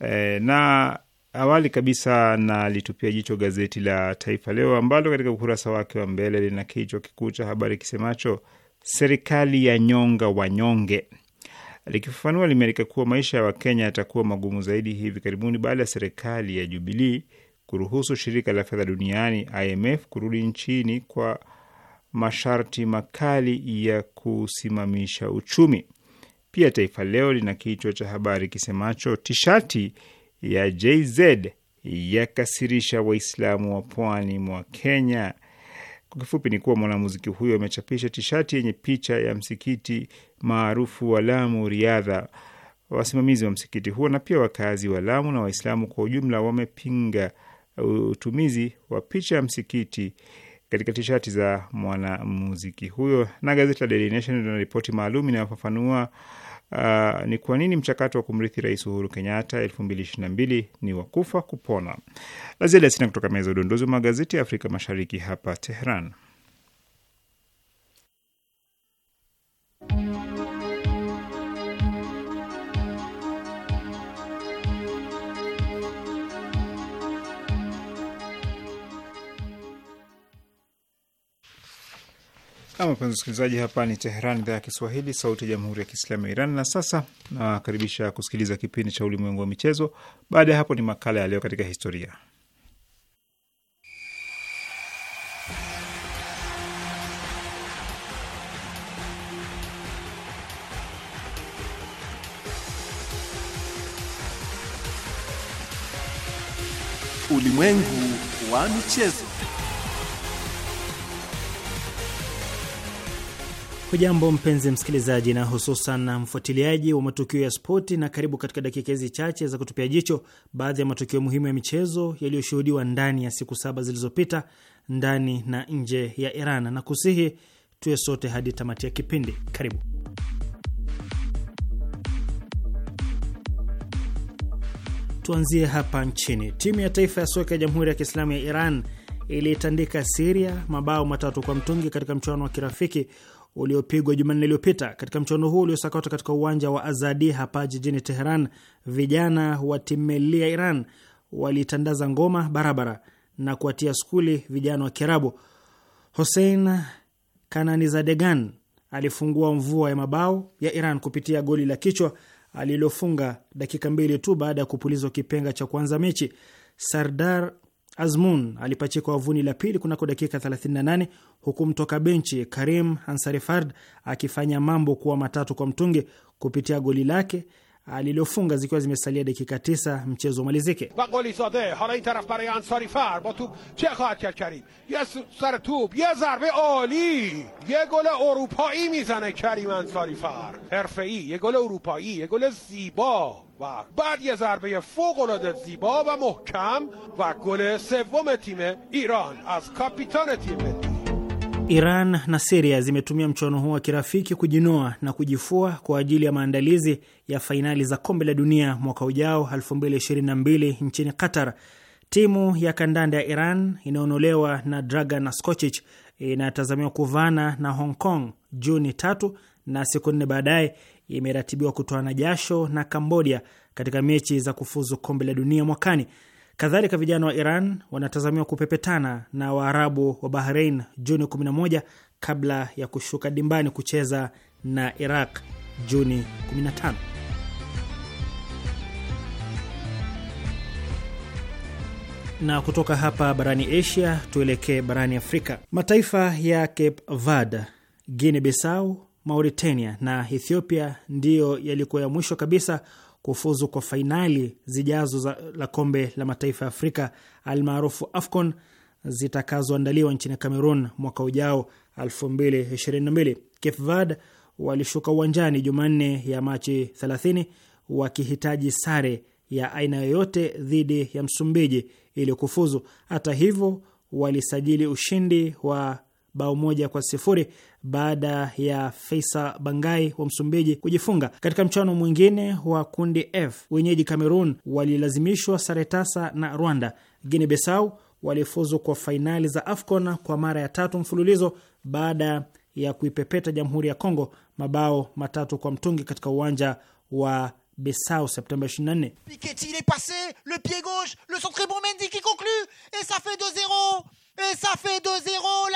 E, na awali kabisa nalitupia jicho gazeti la Taifa Leo ambalo katika ukurasa wake wa mbele lina kichwa kikuu cha habari kisemacho serikali ya nyonga wanyonge. Likifafanua, limeandika kuwa maisha ya Wakenya yatakuwa magumu zaidi hivi karibuni baada ya serikali ya Jubilii kuruhusu shirika la fedha duniani IMF kurudi nchini kwa masharti makali ya kusimamisha uchumi. Pia Taifa Leo lina kichwa cha habari kisemacho tishati ya JZ yakasirisha Waislamu wa pwani mwa Kenya. Kwa kifupi ni kuwa mwanamuziki huyo amechapisha tishati yenye picha ya msikiti maarufu wa Lamu, Riadha. Wasimamizi wa msikiti huo na pia wakazi wa Lamu na Waislamu kwa ujumla wamepinga utumizi wa picha ya msikiti katika tishati za mwanamuziki huyo. Na gazeti la Daily Nation lina ripoti maalum inayofafanua uh, ni kwa nini mchakato wa kumrithi Rais Uhuru Kenyatta elfu mbili ishirini na mbili ni wakufa kupona. La ziada sina kutoka meza udondozi wa magazeti ya Afrika Mashariki hapa Teheran. Mpenzi msikilizaji, hapa ni Teheran, idhaa ya Kiswahili, sauti ya jamhuri ya kiislamu ya Iran. Na sasa nawakaribisha kusikiliza kipindi cha ulimwengu wa michezo. Baada ya hapo ni makala ya leo katika historia. Ulimwengu wa michezo. Hujambo mpenzi msikilizaji na hususan mfuatiliaji wa matukio ya spoti, na karibu katika dakika hizi chache za kutupia jicho baadhi ya matukio muhimu ya michezo yaliyoshuhudiwa ndani ya siku saba zilizopita ndani na nje ya Iran, na kusihi tuwe sote hadi tamati ya kipindi. Karibu. Tuanzie hapa nchini. Timu ya taifa ya soka ya Jamhuri ya Kiislamu ya Iran iliitandika Siria mabao matatu kwa mtungi katika mchuano wa kirafiki uliopigwa Jumanne iliyopita. Katika mchuano huo uliosakata katika uwanja wa Azadi hapa jijini Teheran, vijana wa ya Iran walitandaza ngoma barabara na kuwatia skuli vijana wa Kiarabu. hosein Kananizadegan alifungua mvua ya mabao ya Iran kupitia goli la kichwa alilofunga dakika mbili tu baada ya kupulizwa kipenga cha kuanza mechi. Sardar Azmun alipachika wavuni la pili kunako dakika 38 huku mtoka benchi Karim Ansarifard akifanya mambo kuwa matatu kwa mtungi kupitia goli lake علیل و فونگ از اینکه از مثالیه دیگه که کتیسه همچنین زومالی زیکه و گلی زاده حالا این طرف برای انصاری فر با توب چه خواهد کرد کریم یه سر توب یه ضربه عالی یه گل اروپایی میزنه کریم انصاری فر هرفه ای یه گل اروپایی یه گل زیبا و بعد یه ضربه فوق فوقلد زیبا و محکم و گل سوم تیم ایران از کاپیتان تیمه دی Iran na Siria zimetumia mchuano huo wa kirafiki kujinoa na kujifua kwa ajili ya maandalizi ya fainali za kombe la dunia mwaka ujao 2022 nchini Qatar. Timu ya kandanda ya Iran inayoonolewa na Dragan Skocic inatazamiwa kuvana na Hong Kong Juni tatu, na siku nne baadaye imeratibiwa kutoana jasho na Kambodia katika mechi za kufuzu kombe la dunia mwakani. Kadhalika, vijana wa Iran wanatazamiwa kupepetana na Waarabu wa bahrein Juni 11 kabla ya kushuka dimbani kucheza na Iraq Juni 15. Na kutoka hapa barani Asia tuelekee barani Afrika. Mataifa ya Cape Verde, Guinea Bissau, Mauritania na Ethiopia ndiyo yalikuwa ya mwisho kabisa kufuzu kwa fainali zijazo za, la kombe la mataifa ya Afrika almaarufu AFCON zitakazoandaliwa nchini Cameroon mwaka ujao 2022. Cape Verde walishuka uwanjani Jumanne ya Machi 30 wakihitaji sare ya aina yoyote dhidi ya Msumbiji ili kufuzu. Hata hivyo, walisajili ushindi wa bao moja kwa sifuri baada ya Faisa Bangai wa Msumbiji kujifunga. Katika mchano mwingine wa kundi F, wenyeji Cameroon walilazimishwa sare tasa na Rwanda. Guinea Bissau walifuzu kwa fainali za AFCON kwa mara ya tatu mfululizo baada ya kuipepeta Jamhuri ya Kongo mabao matatu kwa mtungi katika uwanja wa Besao Septemba 24. Piketty il est le pied gauche, le centre est bon Mendy qui conclut et ça fait 2-0. Et ça fait 2-0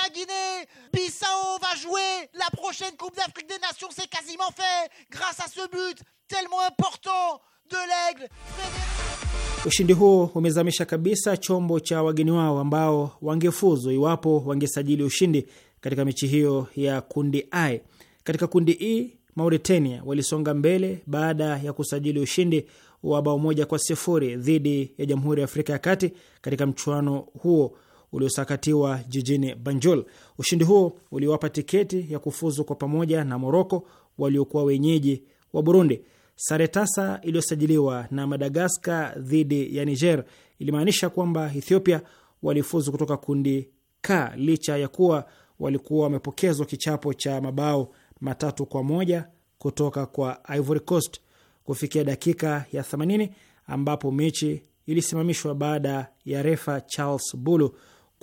la Guinée. Bissau va jouer la prochaine Coupe d'Afrique des Nations. C'est quasiment fait grâce à ce but tellement important de l'aigle. Ushindi huo umezamisha kabisa chombo cha wageni wao ambao wangefuzu iwapo wangesajili ushindi katika mechi hiyo ya kundi A. Katika kundi E, Mauritania walisonga mbele baada ya kusajili ushindi wa bao moja kwa sifuri dhidi ya Jamhuri ya Afrika ya Kati katika mchuano huo uliosakatiwa jijini Banjul. Ushindi huo uliwapa tiketi ya kufuzu kwa pamoja na Moroko waliokuwa wenyeji wa Burundi. Sare tasa iliyosajiliwa na Madagaskar dhidi ya Niger ilimaanisha kwamba Ethiopia walifuzu kutoka kundi K licha ya kuwa walikuwa wamepokezwa kichapo cha mabao matatu kwa moja kutoka kwa Ivory Coast kufikia dakika ya 80 ambapo mechi ilisimamishwa baada ya refa Charles Bulu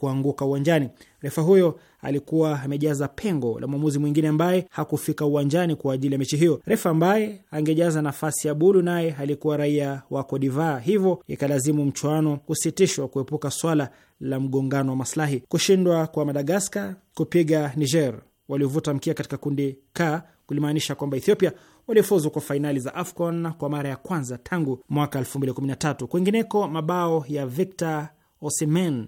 kuanguka uwanjani. Refa huyo alikuwa amejaza pengo la mwamuzi mwingine ambaye hakufika uwanjani kwa ajili ya mechi hiyo. Refa ambaye angejaza nafasi ya Bulu naye alikuwa raia wa Kodivaa, hivyo ikalazimu mchuano kusitishwa kuepuka swala la mgongano wa maslahi. Kushindwa kwa Madagaskar kupiga Niger waliovuta mkia katika kundi K kulimaanisha kwamba Ethiopia walifuzwa kwa fainali za AFCON kwa mara ya kwanza tangu mwaka 2013. Kwingineko, mabao ya Victor Osimhen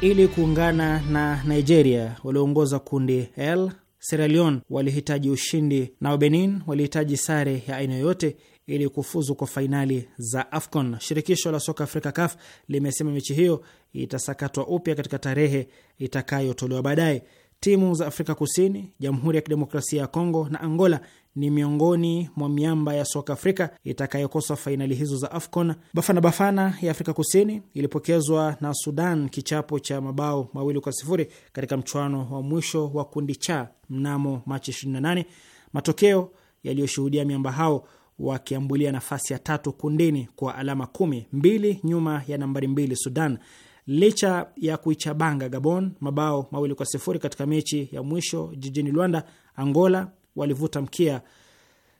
Ili kuungana na Nigeria walioongoza kundi L, Sierra Leone walihitaji ushindi na Benin walihitaji sare ya aina yoyote ili kufuzu kwa fainali za AFCON. Shirikisho la soka Afrika, CAF, limesema mechi hiyo itasakatwa upya katika tarehe itakayotolewa baadaye. Timu za Afrika Kusini, Jamhuri ya Kidemokrasia ya Kongo na Angola ni miongoni mwa miamba ya soka Afrika itakayokosa fainali hizo za AFCON. Bafana Bafana ya Afrika Kusini ilipokezwa na Sudan kichapo cha mabao mawili kwa sifuri katika mchuano wa mwisho wa kundi cha mnamo Machi 28, matokeo yaliyoshuhudia miamba hao wakiambulia nafasi ya tatu kundini kwa alama kumi, mbili nyuma ya nambari mbili Sudan licha ya kuichabanga Gabon mabao mawili kwa sifuri katika mechi ya mwisho jijini Luanda, Angola walivuta mkia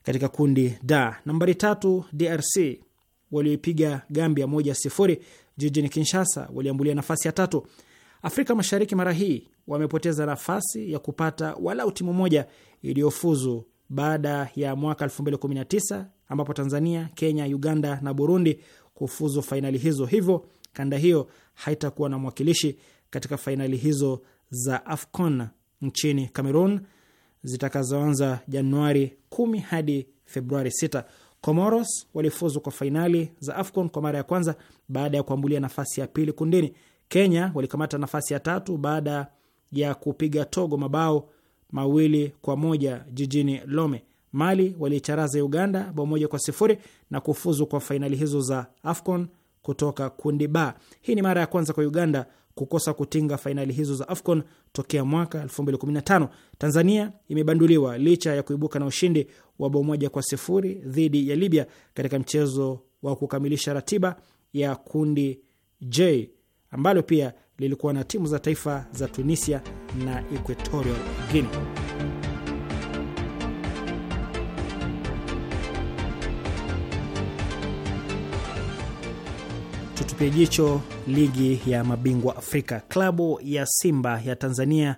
katika kundi d Nambari tatu DRC walioipiga Gambia moja sifuri jijini Kinshasa waliambulia nafasi ya tatu. Afrika Mashariki mara hii wamepoteza nafasi ya kupata walau timu moja iliyofuzu baada ya mwaka 2019 ambapo Tanzania, Kenya, Uganda na Burundi kufuzu fainali hizo, hivyo kanda hiyo haitakuwa na mwakilishi katika fainali hizo za AFCON nchini Cameroon zitakazoanza Januari 10 hadi Februari 6. Comoros walifuzu kwa fainali za AFCON kwa mara ya kwanza baada ya kuambulia nafasi ya pili kundini. Kenya walikamata nafasi ya tatu baada ya kupiga Togo mabao mawili kwa moja jijini Lome. Mali waliicharaza Uganda bao moja kwa sifuri na kufuzu kwa fainali hizo za AFCON kutoka kundi ba. Hii ni mara ya kwanza kwa Uganda kukosa kutinga fainali hizo za AFCON tokea mwaka 2015. Tanzania imebanduliwa licha ya kuibuka na ushindi wa bao moja kwa sifuri dhidi ya Libya katika mchezo wa kukamilisha ratiba ya kundi J ambalo pia lilikuwa na timu za taifa za Tunisia na Equatorial Guinea. tutupia jicho ligi ya mabingwa Afrika. Klabu ya Simba ya Tanzania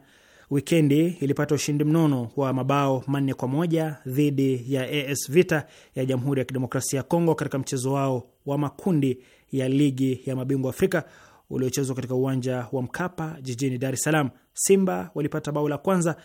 wikendi ilipata ushindi mnono wa mabao manne kwa moja dhidi ya AS Vita ya Jamhuri ya Kidemokrasia ya Kongo katika mchezo wao wa makundi ya ligi ya mabingwa Afrika uliochezwa katika uwanja wa Mkapa jijini Dar es Salaam. Simba walipata bao la kwanza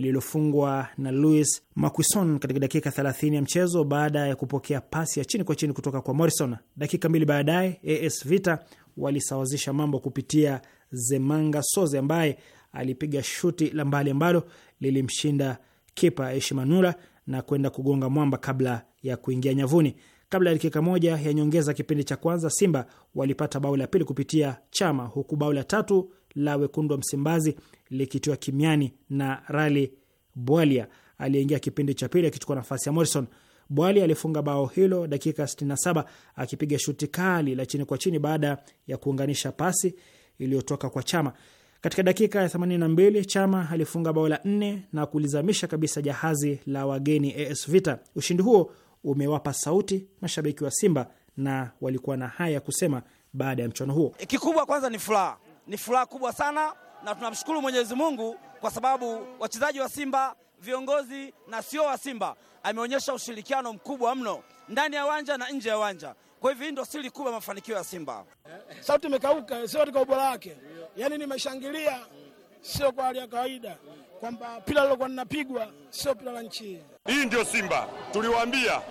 lililofungwa na louis Maquison katika dakika 30 ya mchezo baada ya kupokea pasi ya chini kwa chini kutoka kwa Morrison. Dakika mbili baadaye AS Vita walisawazisha mambo kupitia Zemanga Soze ambaye alipiga shuti la mbali ambalo lilimshinda kipa Eshimanula na kwenda kugonga mwamba kabla ya kuingia nyavuni. Kabla ya dakika moja ya nyongeza kipindi cha kwanza, Simba walipata bao la pili kupitia Chama, huku bao la tatu la wekundu wa Msimbazi likitiwa kimiani na Rali Bwalia aliyeingia kipindi cha pili akichukua nafasi ya Morrison. Bwali alifunga bao hilo dakika 67 akipiga shuti kali la chini kwa chini baada ya kuunganisha pasi iliyotoka kwa Chama. Katika dakika ya 82 Chama alifunga bao la nne na kulizamisha kabisa jahazi la wageni AS Vita. Ushindi huo umewapa sauti mashabiki wa Simba na walikuwa na haya kusema baada ya mchuano huo. Kikubwa kwanza ni furaha ni furaha kubwa sana, na tunamshukuru Mwenyezi Mungu kwa sababu wachezaji wa Simba, viongozi na sio wa Simba, ameonyesha ushirikiano mkubwa mno ndani ya uwanja na nje ya uwanja. Kwa hivyo hii ndio siri kubwa ya mafanikio ya Simba. Sauti imekauka, sio katika ubora wake, yaani nimeshangilia, sio kwa hali ya kawaida kwamba pila lilokuwa linapigwa sio pila la nchi hii. Ndio Simba tuliwaambia,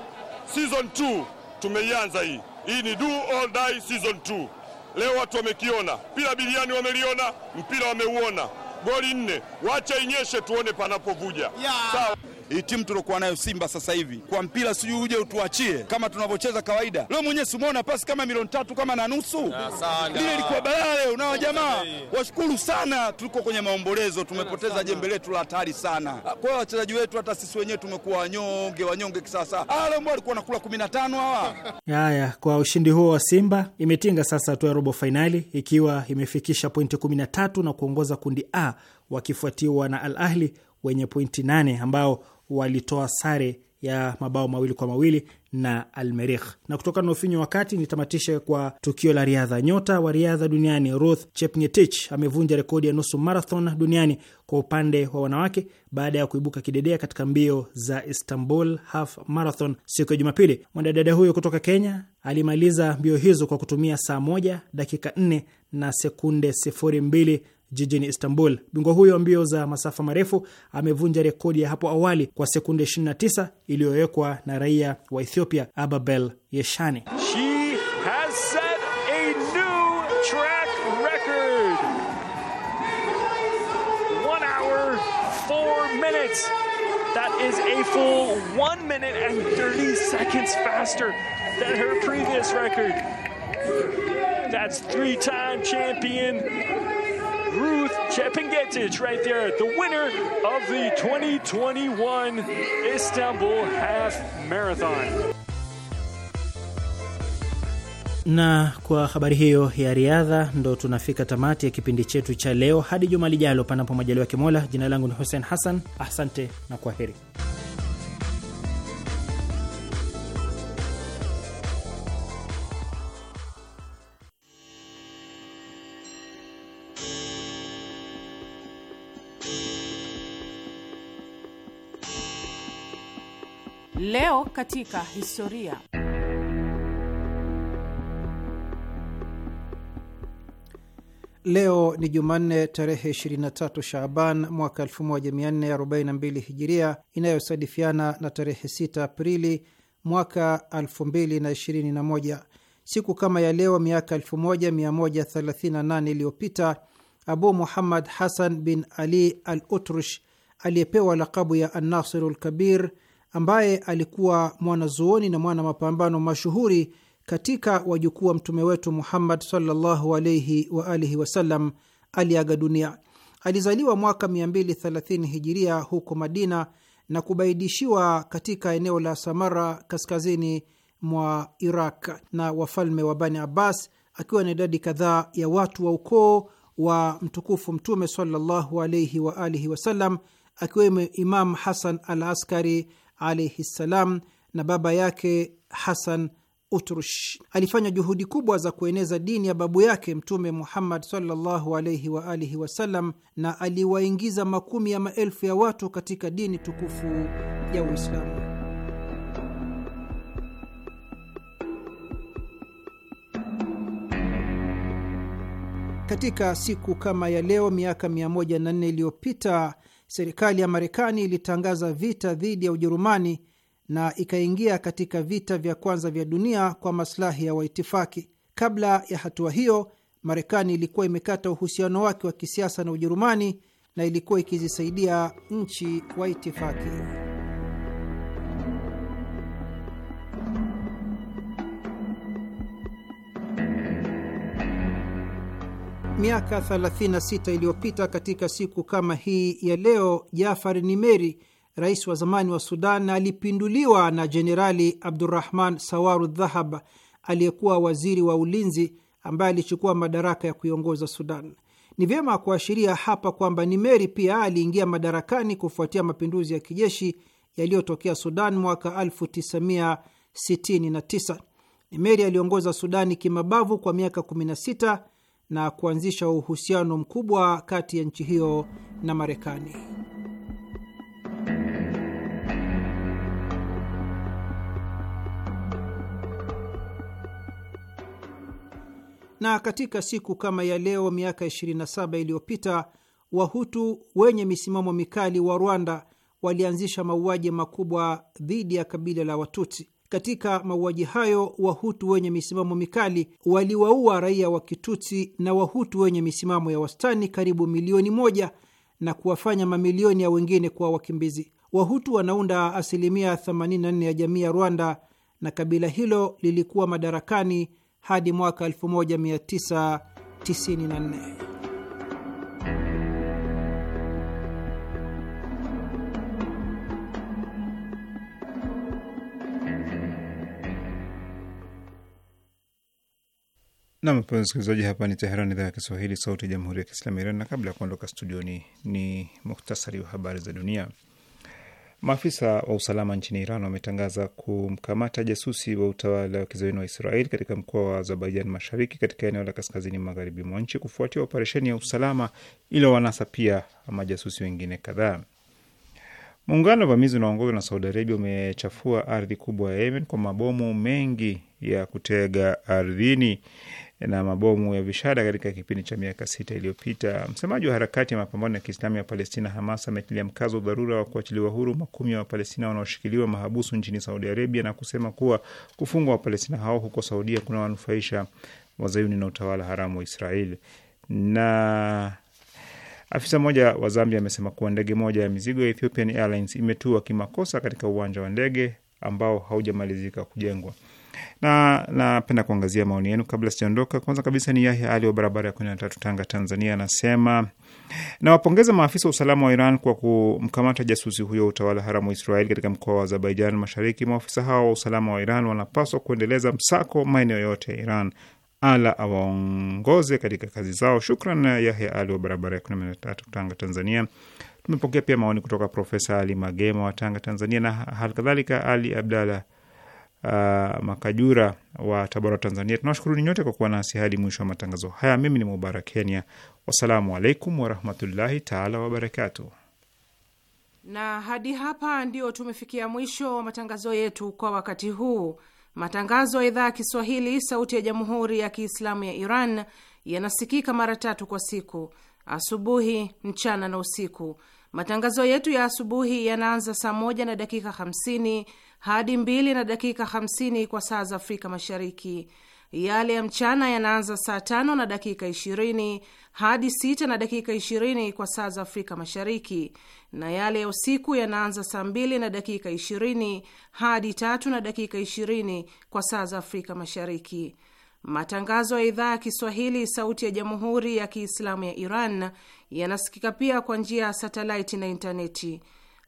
season 2 tumeianza hii. Hii ni do or die season 2. Leo watu wamekiona, mpira biliani wameliona, mpira wameuona, goli nne, wacha inyeshe tuone panapovuja, yeah. Sawa hii timu tuliokuwa nayo Simba sasa hivi kwa mpira, sijui uje utuachie kama tunavyocheza kawaida. Leo mwenyewe umeona pasi kama milioni tatu kama na nusu, ah, ile ilikuwa balaa leo. Na wajamaa washukuru sana, tuliko kwenye maombolezo, tumepoteza jembe letu la hatari sana. Ah, kwa hiyo wachezaji wetu hata sisi wenyewe tumekuwa wanyonge, wanyonge kisasa. Ah, leo mbona alikuwa anakula 15 hawa. Haya, kwa ushindi huo wa Simba imetinga sasa hatua ya robo fainali ikiwa imefikisha pointi 13 na kuongoza kundi A wakifuatiwa na Al Ahli wenye pointi 8 ambao walitoa sare ya mabao mawili kwa mawili na Almerih. Na kutokana na ufinyo wakati, nitamatishe kwa tukio la riadha. Nyota wa riadha duniani Ruth Chepngetich amevunja rekodi ya nusu marathon duniani kwa upande wa wanawake baada ya kuibuka kidedea katika mbio za Istanbul Half Marathon siku ya Jumapili. Mwanadada huyo kutoka Kenya alimaliza mbio hizo kwa kutumia saa moja dakika 4 na sekunde mbili jijini Istanbul. Bingwa huyo mbio za masafa marefu amevunja rekodi ya hapo awali kwa sekunde 29 iliyowekwa na raia wa Ethiopia Ababel Yeshani. She has set a new track record. One hour, four minutes. That is a full one minute and 30 seconds faster than her previous record. That's three-time champion Ruth Chepingetic right there, the winner of the 2021 Istanbul Half Marathon. Na kwa habari hiyo ya riadha ndo tunafika tamati ya kipindi chetu cha leo. Hadi juma lijalo, panapo majaliwa Kimola. Jina langu ni Hussein Hassan, asante na kwaheri. Leo katika historia. Leo ni Jumanne tarehe 23 Shaaban mwaka 1442 Hijiria, inayosadifiana na tarehe 6 Aprili mwaka 2021. Siku kama ya leo miaka 1138 iliyopita Abu Muhammad Hasan bin Ali al Utrush aliyepewa lakabu ya Annasiru lkabir ambaye alikuwa mwanazuoni na mwana mapambano mashuhuri katika wajukuu wa mtume wetu Muhammad sallallahu alaihi wa alihi wasallam, aliaga dunia. Alizaliwa mwaka 230 hijiria huko Madina na kubaidishiwa katika eneo la Samara kaskazini mwa Iraq na wafalme wa Bani Abbas, akiwa na idadi kadhaa ya watu wa ukoo wa mtukufu Mtume sallallahu alaihi wa alihi wasallam, akiwemo Imam Hasan al Askari alaihi ssalam na baba yake Hasan Utrush. Alifanya juhudi kubwa za kueneza dini ya babu yake Mtume Muhammad sallallahu alaihi wa alihi wasallam, na aliwaingiza makumi ya maelfu ya watu katika dini tukufu ya Uislamu. Katika siku kama ya leo miaka 104 iliyopita serikali ya Marekani ilitangaza vita dhidi ya Ujerumani na ikaingia katika vita vya kwanza vya dunia kwa maslahi ya waitifaki. Kabla ya hatua hiyo, Marekani ilikuwa imekata uhusiano wake wa kisiasa na Ujerumani na ilikuwa ikizisaidia nchi waitifaki. Miaka 36 iliyopita katika siku kama hii ya leo, Jafar Nimeri, rais wa zamani wa Sudan, alipinduliwa na Jenerali Abdurahman Sawaru Dhahab aliyekuwa waziri wa ulinzi, ambaye alichukua madaraka ya kuiongoza Sudan. Ni vyema kuashiria hapa kwamba Nimeri pia aliingia madarakani kufuatia mapinduzi ya kijeshi yaliyotokea Sudan mwaka 1969. Nimeri aliongoza Sudani kimabavu kwa miaka 16 na kuanzisha uhusiano mkubwa kati ya nchi hiyo na Marekani. Na katika siku kama ya leo miaka 27 iliyopita Wahutu wenye misimamo mikali wa Rwanda walianzisha mauaji makubwa dhidi ya kabila la Watutsi. Katika mauaji hayo, Wahutu wenye misimamo mikali waliwaua raia wa Kitutsi na Wahutu wenye misimamo ya wastani karibu milioni moja na kuwafanya mamilioni ya wengine kuwa wakimbizi. Wahutu wanaunda asilimia 84 ya jamii ya Rwanda na kabila hilo lilikuwa madarakani hadi mwaka 1994. Nam, mpenzi msikilizaji, hapa ni Teheran, idhaa ya Kiswahili, sauti ya jamhuri ya kiislamu ya Iran. Na kabla ya kuondoka studioni, ni muhtasari wa habari za dunia. Maafisa wa usalama nchini Iran wametangaza kumkamata jasusi wa utawala wa kizayuni wa Israel katika mkoa wa Azerbaijan Mashariki, katika eneo la kaskazini magharibi mwa nchi kufuatia operesheni ya usalama iliyowanasa pia majasusi wengine kadhaa. Muungano wa vamizi unaongozwa na Saudi Arabia umechafua ardhi kubwa ya Yemen kwa mabomu mengi ya kutega ardhini na mabomu ya vishada katika kipindi cha miaka sita iliyopita. Msemaji wa harakati ya mapambano ya Kiislamu ya Palestina Hamas ametilia mkazo udharura wa kuachiliwa huru makumi ya Wapalestina wanaoshikiliwa mahabusu nchini Saudi Arabia na kusema kuwa kufungwa Wapalestina hao huko Saudia kunawanufaisha wazayuni na utawala haramu wa Israeli. Na afisa mmoja wa Zambia amesema kuwa ndege moja ya mizigo ya Ethiopian Airlines imetua kimakosa katika uwanja wa ndege ambao haujamalizika kujengwa na napenda kuangazia maoni yenu kabla sijaondoka. Kwanza kabisa ni Yahya Ali wa barabara ya kumi na tatu, Tanga, Tanzania, anasema nawapongeza maafisa wa usalama wa Iran kwa kumkamata jasusi huyo wa utawala haramu wa Israeli katika mkoa wa Azerbaijan Mashariki. Maafisa hawa wa usalama wa Iran wanapaswa kuendeleza msako maeneo yote ya Iran. Ala awaongoze katika kazi zao. Shukran Yahya Ali wa barabara ya kumi na tatu, Tanga, Tanzania. Tumepokea pia maoni kutoka Profesa Ali Magema wa Tanga, Tanzania, na halikadhalika Ali Abdallah uh, Makajura wa Tabora, Tanzania. Tunawashukuru ni nyote kwa kuwa nasi hadi mwisho wa matangazo haya. Mimi ni Mubarak Kenya, wassalamu alaikum warahmatullahi taala wabarakatu. Na hadi hapa ndio tumefikia mwisho wa matangazo yetu kwa wakati huu. Matangazo ya idhaa ya Kiswahili sauti ya jamhuri ya Kiislamu ya Iran yanasikika mara tatu kwa siku: asubuhi, mchana na usiku. Matangazo yetu ya asubuhi yanaanza saa moja na dakika hamsini hadi mbili na dakika hamsini kwa saa za Afrika Mashariki. Yale ya mchana yanaanza saa tano na dakika ishirini hadi sita na dakika ishirini kwa saa za Afrika Mashariki, na yale ya usiku yanaanza saa mbili na dakika ishirini hadi tatu na dakika ishirini kwa saa za Afrika Mashariki. Matangazo ya idhaa ya Kiswahili sauti ya Jamhuri ya Kiislamu ya Iran yanasikika pia kwa njia ya satelaiti na intaneti.